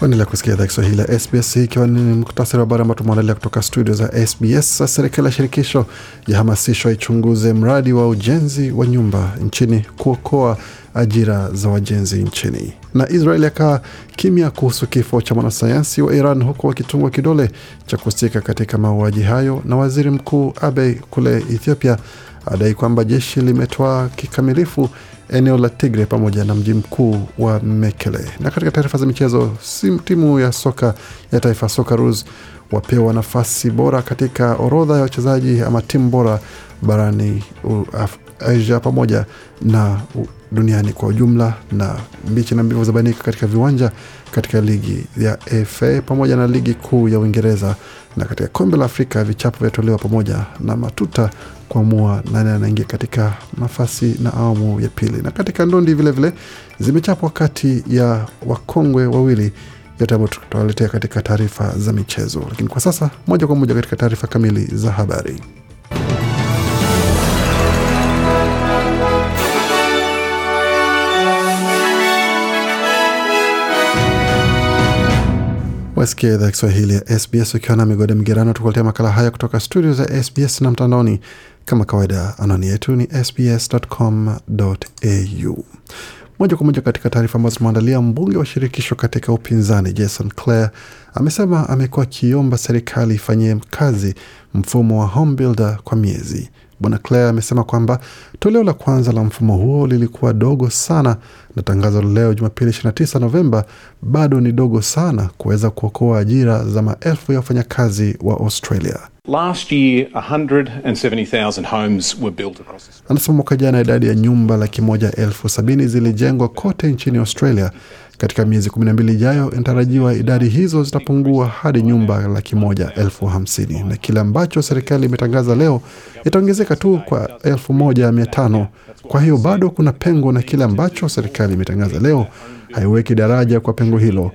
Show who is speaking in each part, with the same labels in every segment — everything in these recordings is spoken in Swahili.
Speaker 1: Waendelea kusikia idhaa Kiswahili ya SBS, hii ikiwa ni muktasari wa habari ambao tumeandalia kutoka studio za SBS. Serikali ya shirikisho yahamasishwa ichunguze mradi wa ujenzi wa nyumba nchini kuokoa ajira za wajenzi nchini, na Israel yakaa kimya kuhusu kifo cha mwanasayansi wa Iran huku wakitungwa kidole cha kuhusika katika mauaji hayo na waziri mkuu Abe kule Ethiopia adai kwamba jeshi limetoa kikamilifu eneo la Tigre pamoja na mji mkuu wa Mekele. Na katika taarifa za michezo, timu ya soka ya taifa Socceroos wapewa nafasi bora katika orodha ya wachezaji ama timu bora barani Asia pamoja na duniani kwa ujumla, na mbichi na mbivu zabainika katika viwanja katika ligi ya FA pamoja na ligi kuu ya Uingereza na katika kombe la Afrika vichapo vyatolewa pamoja na matuta kuamua nani anaingia katika nafasi na awamu ya pili. Na katika ndondi vilevile zimechapwa kati ya wakongwe wawili, yote ambayo tutawaletea katika taarifa za michezo, lakini kwa sasa moja kwa moja katika taarifa kamili za habari. Wasikia idhaa Kiswahili ya SBS ukiwa na migode migerano, tukuletea makala haya kutoka studio za SBS na mtandaoni kama kawaida. Anwani yetu ni sbs.com.au. Moja kwa moja katika taarifa ambazo tumeandalia, mbunge wa shirikisho katika upinzani Jason Clare amesema amekuwa akiomba serikali ifanyie kazi mfumo wa HomeBuilder kwa miezi Bwana Clare amesema kwamba toleo la kwanza la mfumo huo lilikuwa dogo sana na tangazo leo Jumapili 29 Novemba bado ni dogo sana kuweza kuokoa ajira za maelfu ya wafanyakazi wa Australia. Last year, 170,000 homes were built across Australia. Anasema mwaka jana idadi ya nyumba laki moja elfu sabini zilijengwa kote nchini Australia katika miezi mbili ijayo, inatarajiwa idadi hizo zitapungua hadi nyumba laki moja elfu hamsini na kile ambacho serikali imetangaza leo itaongezeka tu kwa elfu moja mia tano. Kwa hiyo bado kuna pengo, na kile ambacho serikali imetangaza leo haiweki daraja kwa pengo hilo.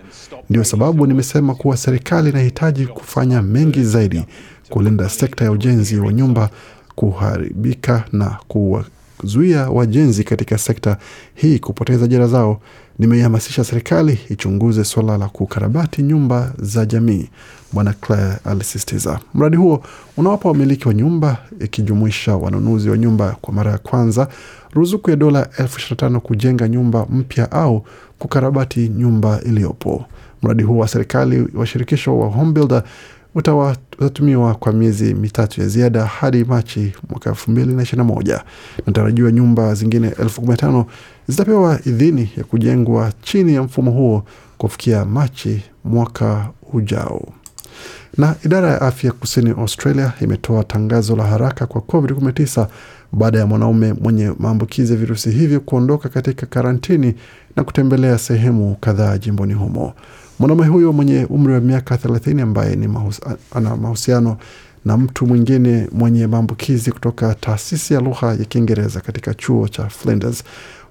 Speaker 1: Ndio sababu nimesema kuwa serikali inahitaji kufanya mengi zaidi kulinda sekta ya ujenzi wa nyumba kuharibika na kuwa kuzuia wajenzi katika sekta hii kupoteza ajira zao, nimeihamasisha serikali ichunguze suala la kukarabati nyumba za jamii, Bwana Clare alisisitiza. Mradi huo unawapa wamiliki wa nyumba, ikijumuisha wanunuzi wa nyumba kwa mara ya kwanza, ruzuku ya dola elfu ishirini na tano kujenga nyumba mpya au kukarabati nyumba iliyopo. Mradi huo wa serikali wa shirikisho wa HomeBuilder utatumiwa kwa miezi mitatu ya ziada hadi Machi mwaka elfu mbili na ishirini na moja. Natarajiwa nyumba zingine elfu kumi na tano zitapewa idhini ya kujengwa chini ya mfumo huo kufikia Machi mwaka ujao. Na idara ya afya kusini Australia imetoa tangazo la haraka kwa COVID-19 baada ya mwanaume mwenye maambukizi ya virusi hivyo kuondoka katika karantini na kutembelea sehemu kadhaa jimboni humo. Mwanaume huyo mwenye umri wa miaka thelathini ambaye ni mahus, ana mahusiano na mtu mwingine mwenye maambukizi kutoka taasisi ya lugha ya Kiingereza katika chuo cha Flinders.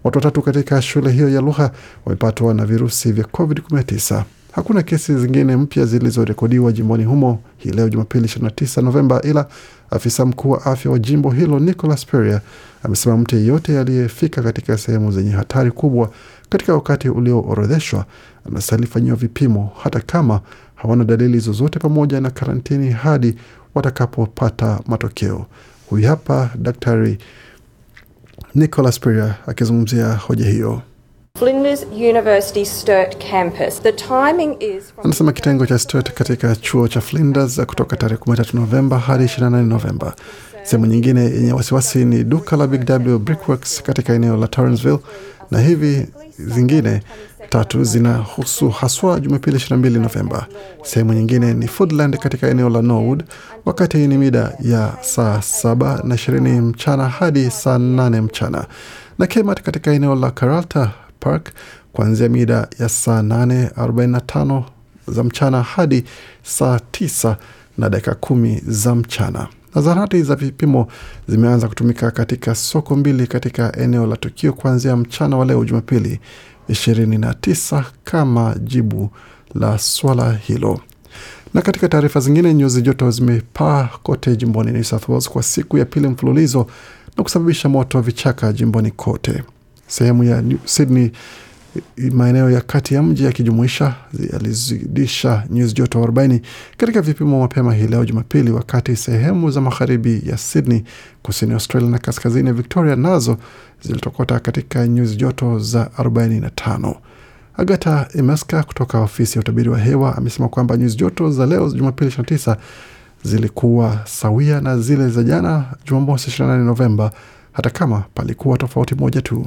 Speaker 1: Watu watatu katika shule hiyo ya lugha wamepatwa na virusi vya COVID-19. Hakuna kesi zingine mpya zilizorekodiwa jimboni humo hii leo Jumapili 29 Novemba, ila afisa mkuu wa afya wa jimbo hilo Nicholas Peria amesema mtu yeyote aliyefika katika sehemu zenye hatari kubwa katika wakati ulioorodheshwa anastahili vipimo hata kama hawana dalili zozote, pamoja na karantini hadi watakapopata matokeo. Huyu hapa Daktari nicolas pria akizungumzia hoja hiyo. Is... anasema kitengo cha Sturt katika chuo cha Flinders kutoka tarehe 13 Novemba hadi 28 Novemba. Sehemu nyingine yenye wasiwasi ni duka la Big W Brickworks katika eneo la Torrensville na hivi zingine tatu zinahusu haswa Jumapili 22 Novemba. Sehemu nyingine ni Foodland katika eneo la Norwood, wakati ni mida ya saa saba na ishirini mchana hadi saa nane mchana, na Kmart katika eneo la Karalta Park kuanzia mida ya saa 8:45 za mchana hadi saa 9 na dakika kumi za mchana na Zahanati za vipimo zimeanza kutumika katika soko mbili katika eneo la tukio kuanzia mchana wa leo Jumapili 29 kama jibu la swala hilo. Na katika taarifa zingine, nyuzi joto zimepaa kote jimboni New South Wales kwa siku ya pili mfululizo na kusababisha moto wa vichaka jimboni kote. Sehemu ya New Sydney maeneo ya kati ya mji yakijumuisha yalizidisha nyuzi joto 40 katika vipimo mapema hii leo Jumapili, wakati sehemu za magharibi ya Sydney, kusini Australia na kaskazini ya Victoria nazo zilitokota katika nyuzi joto za 45. Agata Emeska kutoka ofisi ya utabiri wa hewa amesema kwamba nyuzi joto za leo Jumapili 29 zilikuwa sawia na zile za jana Jumamosi 28 Novemba, hata kama palikuwa tofauti moja tu.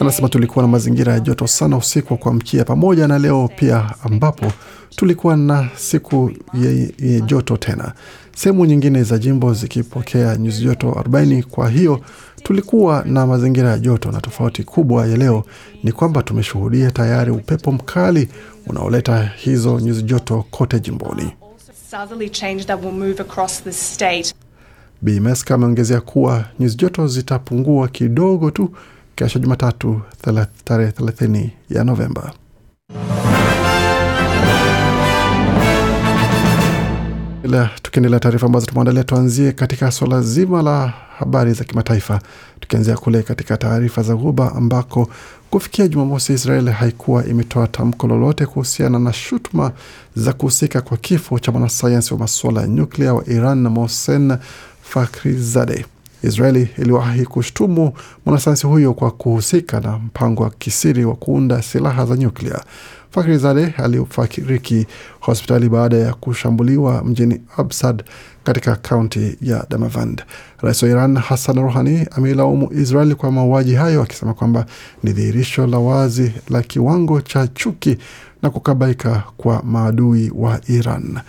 Speaker 1: Anasema tulikuwa na mazingira ya joto sana usiku wa kuamkia pamoja na leo pia, ambapo tulikuwa na siku yenye joto tena, sehemu nyingine za jimbo zikipokea nyuzi joto 40. Kwa hiyo tulikuwa na mazingira ya joto, na tofauti kubwa ya leo ni kwamba tumeshuhudia tayari upepo mkali unaoleta hizo nyuzi joto kote jimboni. Bi ameongezea kuwa nyuzi joto zitapungua kidogo tu kesho Jumatatu tarehe 30 ya Novemba. Tukiendelea taarifa ambazo tumeandalia, tuanzie katika suala zima la habari za kimataifa, tukianzia kule katika taarifa za Ghuba ambako kufikia Jumamosi Israeli haikuwa imetoa tamko lolote kuhusiana na shutuma za kuhusika kwa kifo cha mwanasayansi wa masuala ya nyuklia wa Iran na Mohsen Fakhrizadeh. Israeli iliwahi kushtumu mwanasayansi huyo kwa kuhusika na mpango wa kisiri wa kuunda silaha za nyuklia. Fakhrizadeh alifariki hospitali baada ya kushambuliwa mjini Absad katika kaunti ya Damavand. Rais wa Iran Hassan Rouhani ameilaumu Israeli kwa mauaji hayo, akisema kwamba ni dhihirisho la wazi la kiwango cha chuki na kukabaika kwa maadui wa Iran.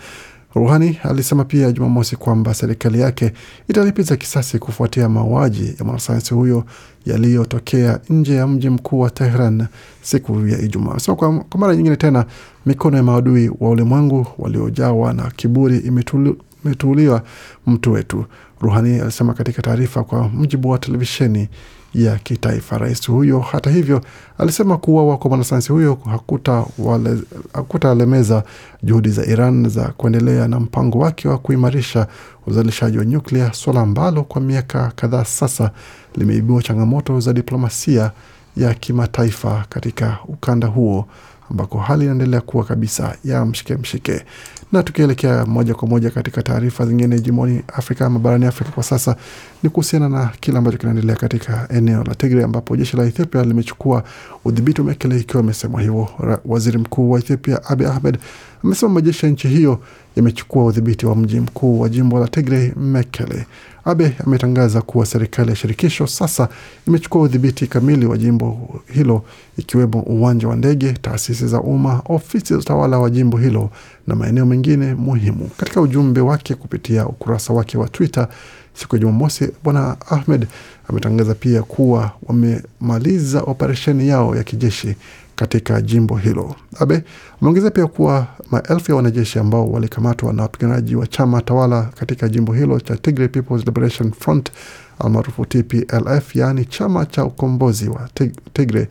Speaker 1: Ruhani alisema pia Jumamosi kwamba serikali yake italipiza kisasi kufuatia mauaji ya mwanasayansi huyo yaliyotokea nje ya mji mkuu wa Tehran siku ya Ijumaa. So kwa, kwa mara nyingine tena mikono ya maadui wa ulimwengu waliojawa na kiburi imetul, umetuuliwa mtu wetu, Ruhani alisema katika taarifa, kwa mujibu wa televisheni ya kitaifa. Rais huyo hata hivyo alisema kuuawa kwa mwanasayansi huyo hakutalemeza juhudi za Iran za kuendelea na mpango wake wa kuimarisha uzalishaji wa nyuklia, suala ambalo kwa miaka kadhaa sasa limeibua changamoto za diplomasia ya kimataifa katika ukanda huo ambako hali inaendelea kuwa kabisa ya mshike mshike. Na tukielekea moja kwa moja katika taarifa zingine, jimoni Afrika ama barani Afrika kwa sasa ni kuhusiana na kile ambacho kinaendelea katika eneo la Tigray ambapo jeshi la Ethiopia limechukua udhibiti wa Mekele, ikiwa amesema hivyo. Waziri mkuu wa Ethiopia Abiy Ahmed amesema majeshi ya nchi hiyo yamechukua udhibiti wa mji mkuu wa jimbo la Tigray, Mekele. Abe ametangaza kuwa serikali ya shirikisho sasa imechukua udhibiti kamili wa jimbo hilo, ikiwemo uwanja wa ndege, taasisi za umma, ofisi za utawala wa jimbo hilo na maeneo mengine muhimu. Katika ujumbe wake kupitia ukurasa wake wa Twitter, siku ya Jumamosi, Bwana Ahmed ametangaza pia kuwa wamemaliza operesheni yao ya kijeshi katika jimbo hilo. Abe ameongeza pia kuwa maelfu ya wanajeshi ambao walikamatwa na wapiganaji wa chama tawala katika jimbo hilo cha Tigray People's Liberation Front almaarufu TPLF, yaani chama cha ukombozi wa Tigray,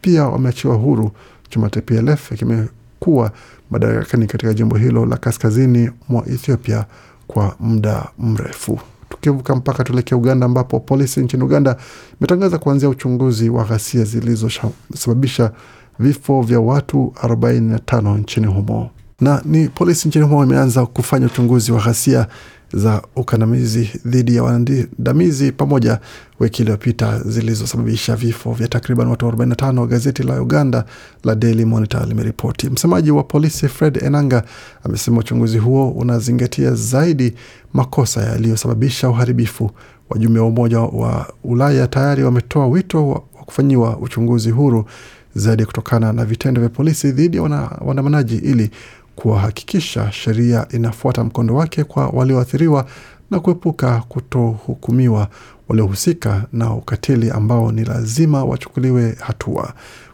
Speaker 1: pia wameachiwa huru. Chama TPLF kimekuwa madarakani katika jimbo hilo la kaskazini mwa Ethiopia kwa muda mrefu tukivuka mpaka tuelekea Uganda ambapo polisi nchini Uganda imetangaza kuanzia uchunguzi wa ghasia zilizosababisha vifo vya watu 45 nchini humo na ni polisi nchini humo imeanza kufanya uchunguzi wa ghasia za ukandamizi dhidi ya wandamizi pamoja wiki iliyopita zilizosababisha vifo vya takriban watu 45, gazeti la Uganda la Daily Monitor limeripoti. Msemaji wa polisi Fred Enanga amesema uchunguzi huo unazingatia zaidi makosa yaliyosababisha uharibifu. Wajumbe wa Umoja wa Ulaya tayari wametoa wito wa kufanyiwa uchunguzi huru zaidi kutokana na vitendo vya polisi dhidi ya waandamanaji ili kuwahakikisha sheria inafuata mkondo wake kwa walioathiriwa na kuepuka kutohukumiwa waliohusika na ukatili ambao ni lazima wachukuliwe hatua.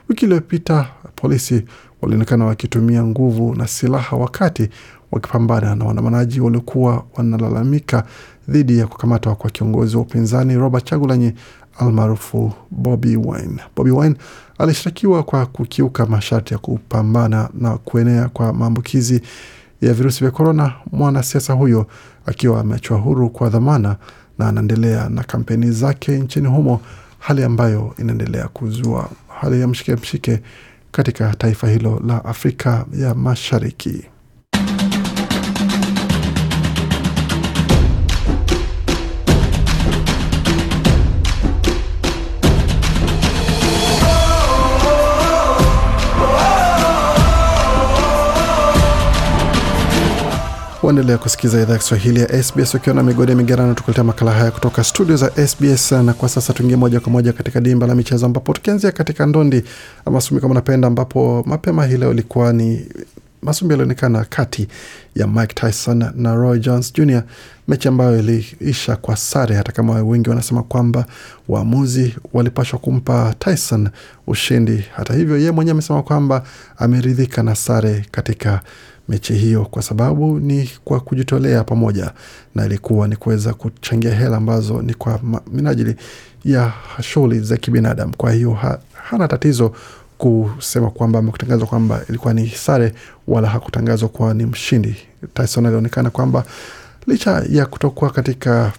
Speaker 1: Wiki iliyopita polisi walionekana wakitumia nguvu na silaha wakati wakipambana na waandamanaji waliokuwa wanalalamika dhidi ya kukamatwa kwa kiongozi wa upinzani Robert Chagulanyi almaarufu Bobi Wine. Bobi Wine alishtakiwa kwa kukiuka masharti ya kupambana na kuenea kwa maambukizi ya virusi vya korona, mwanasiasa huyo akiwa ameachwa huru kwa dhamana na anaendelea na kampeni zake nchini humo, hali ambayo inaendelea kuzua hali ya mshike mshike katika taifa hilo la Afrika ya Mashariki. Waendelea kusikiza idhaa ya Kiswahili ya SBS ukiwa na migodi ya migerano, tukuletea makala haya kutoka studio za SBS. Na kwa sasa tuingie moja kwa moja katika dimba la michezo, ambapo tukianzia katika ndondi ama sumi kama napenda, ambapo mapema hii leo ilikuwa ni masumbi yalionekana kati ya Mike Tyson na Roy Jones Jr, mechi ambayo iliisha kwa sare, hata kama wengi wanasema kwamba waamuzi walipashwa kumpa Tyson ushindi. Hata hivyo, yeye mwenyewe amesema kwamba ameridhika na sare katika mechi hiyo, kwa sababu ni kwa kujitolea pamoja, na ilikuwa ni kuweza kuchangia hela ambazo ni kwa minajili ya shughuli za kibinadamu. Kwa hiyo ha, hana tatizo kusema kwamba amekutangazwa kwamba ilikuwa ni sare, wala hakutangazwa kuwa ni mshindi. Tyson alionekana kwamba licha ya kutokuwa katika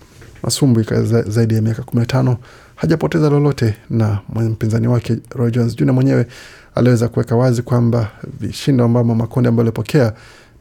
Speaker 1: masumbwi zaidi ya miaka kumi na tano hajapoteza lolote, na mpinzani wake Roy Jones Jr mwenyewe aliweza kuweka wazi kwamba vishindo ambamo makundi ambayo alipokea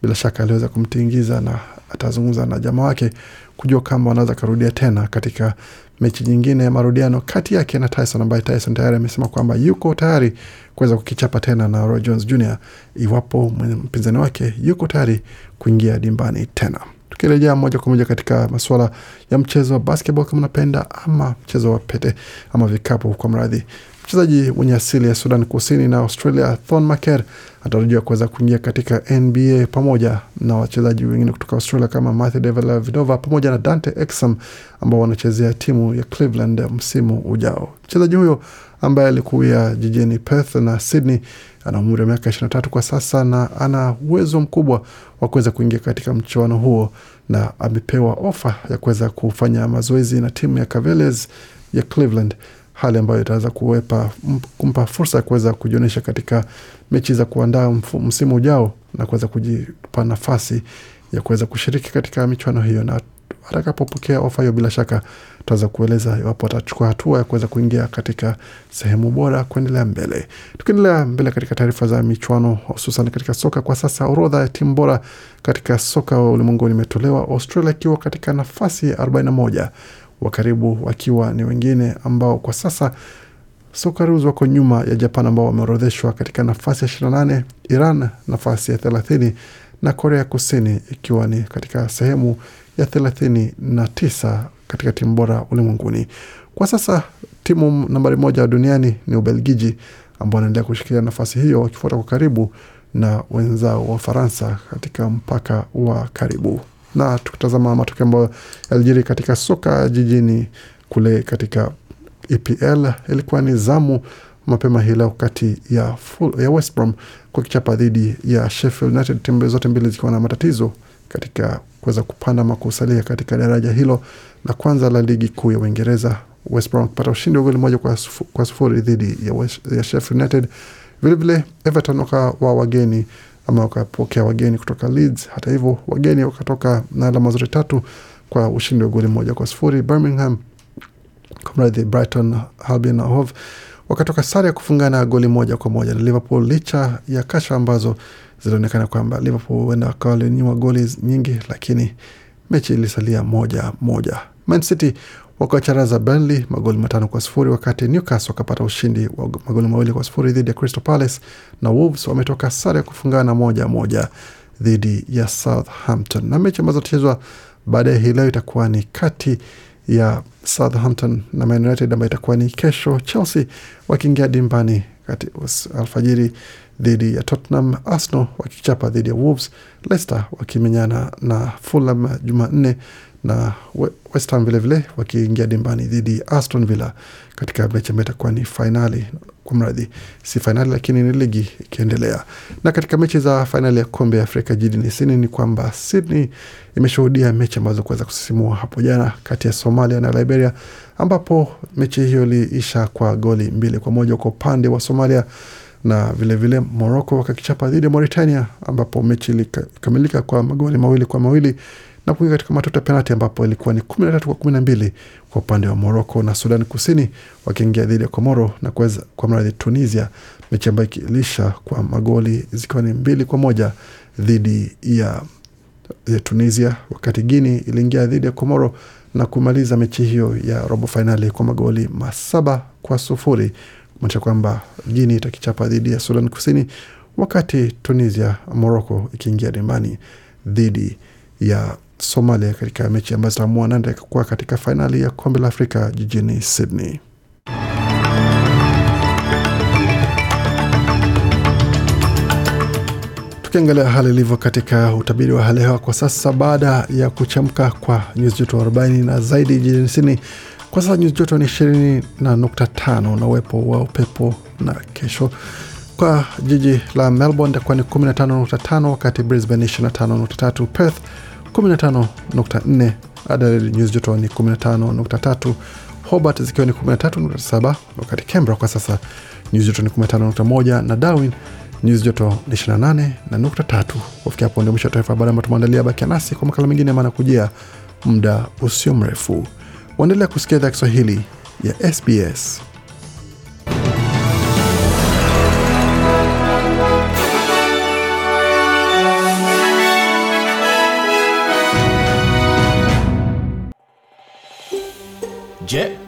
Speaker 1: bila shaka aliweza kumtingiza na atazungumza na jamaa wake kujua kama wanaweza karudia tena katika mechi nyingine ya marudiano kati yake na Tyson ambaye Tyson tayari amesema kwamba yuko tayari kuweza kukichapa tena na Roy Jones Jr iwapo mpinzani wake yuko tayari kuingia dimbani tena. Tukirejea moja kwa moja katika masuala ya mchezo wa basketball kama unapenda ama mchezo wa pete ama vikapu kwa mradhi, Mchezaji mwenye asili ya Sudan Kusini na Australia Thon Maker anatarajiwa kuweza kuingia katika NBA pamoja na wachezaji wengine kutoka Australia kama Matthew Dellavedova pamoja na Dante Exum ambao wanachezea timu ya Cleveland msimu ujao. Mchezaji huyo ambaye alikuwa jijini Perth na Sydney ana umri wa miaka 23 kwa sasa na ana uwezo mkubwa wa kuweza kuingia katika mchuano huo, na amepewa ofa ya kuweza kufanya mazoezi na timu ya Cavaliers ya Cleveland hali ambayo itaweza kuwepa kumpa fursa ya kuweza kujionyesha katika mechi za kuandaa msimu ujao na kuweza kujipa nafasi ya kuweza kushiriki katika michuano hiyo, na atakapopokea ofa hiyo, bila shaka tutaweza kueleza iwapo atachukua hatua ya kuweza kuingia katika sehemu bora kuendelea mbele. Tukiendelea mbele katika taarifa za michuano, hususan katika soka kwa sasa, orodha ya timu bora katika soka ulimwenguni imetolewa, Australia ikiwa katika nafasi ya 41 wa karibu wakiwa ni wengine ambao kwa sasa Socceroos wako nyuma ya Japan ambao wameorodheshwa katika nafasi ya 28, Iran nafasi ya 30 na Korea Kusini ikiwa ni katika sehemu ya 39 katika timu bora ulimwenguni. Kwa sasa timu nambari moja duniani ni Ubelgiji ambao wanaendelea kushikilia nafasi hiyo wakifuata kwa karibu na wenzao wa Faransa katika mpaka wa karibu na tukitazama matokeo ambayo yalijiri katika soka jijini kule katika EPL ilikuwa ni zamu mapema hii leo kati ya, ya West Brom kwa kichapa dhidi ya Sheffield United, timu zote mbili zikiwa na matatizo katika kuweza kupanda makusalia katika daraja hilo la kwanza la ligi kuu ya Uingereza. West Brom kupata ushindi wa goli moja kwa, sufu, kwa sufuri dhidi ya, ya Sheffield United. Vilevile Everton wakawa wageni ama wakapokea wageni kutoka Leeds. Hata hivyo, wageni wakatoka na alama zote tatu kwa ushindi wa goli moja kwa sifuri. Birmingham kumradhi, Brighton Albion Hove wakatoka sare ya kufungana goli moja kwa moja na Liverpool licha ya kasha ambazo zilionekana kwamba Liverpool huenda wakawalinyima goli nyingi, lakini mechi ilisalia moja moja. Man City wakawacharaza Burnley magoli matano kwa sufuri wakati Newcastle wakapata ushindi wa magoli mawili kwa sufuri dhidi ya Crystal Palace na Wolves wametoka sare ya kufungana moja moja dhidi ya Southampton. Na mechi ambazo zitachezwa baadaye hii leo itakuwa ni kati ya Southampton na Man United ambayo itakuwa ni kesho, Chelsea wakiingia dimbani kati alfajiri dhidi ya Tottenham, Arsenal wakichapa dhidi ya Wolves, Leicester wakimenyana na Fulham Jumanne na West Ham vilevile wakiingia dimbani dhidi ya Aston Villa katika mechi ambayo itakuwa ni fainali kwa mradhi, si fainali lakini ni ligi ikiendelea. Na katika mechi za fainali ya kombe ya Afrika jijini Sydney ni kwamba Sydney imeshuhudia mechi ambazo kuweza kusisimua hapo jana kati ya Somalia na Liberia, ambapo mechi hiyo iliisha kwa goli mbili kwa moja kwa upande wa Somalia na vilevile Morocco wakakichapa dhidi ya Mauritania, ambapo mechi ilikamilika kwa magoli mawili kwa mawili na kuingia katika matuta ya penalti ambapo ilikuwa ni 13 kwa 12 kwa upande wa Moroko na Sudan Kusini wakiingia dhidi ya Komoro na kuweza kwa mradhi Tunisia, mechi ambayo ikilisha kwa magoli zikiwa ni mbili kwa moja dhidi ya Tunisia, wakati Guini iliingia dhidi ya Komoro na kumaliza mechi hiyo ya robo fainali kwa magoli masaba kwa sufuri kumaanisha kwamba Guini itakichapa dhidi ya Sudan Kusini, wakati Tunisia Moroko ikiingia dimbani dhidi ya Somalia katika mechi ambayo zitaamua nani atakayekuwa katika fainali ya kombe la Afrika jijini Sydney. Tukiangalia hali ilivyo katika utabiri wa hali hewa kwa sasa, baada ya kuchemka kwa nyuzi joto 40 na zaidi jijini Sydney, kwa sasa nyuzi joto ni 20.5 na uwepo wa upepo, na kesho kwa jiji la Melbourne itakuwa ni 15.5, wakati Brisbane 25.3, Perth 15.4, Adelaide nyuzi joto ni 15.3, Hobart zikiwa ni 13.7, wakati Canberra kwa sasa nyuzi joto ni 15.1 na Darwin nyuzi joto ni 28 na nukta tatu. Kufikia hapo ndio mwisho wa taarifa habari ambayo tumeandalia. Bakia nasi kwa makala mengine, maana kujia muda usio mrefu. Waendelea kusikia idhaa Kiswahili ya SBS.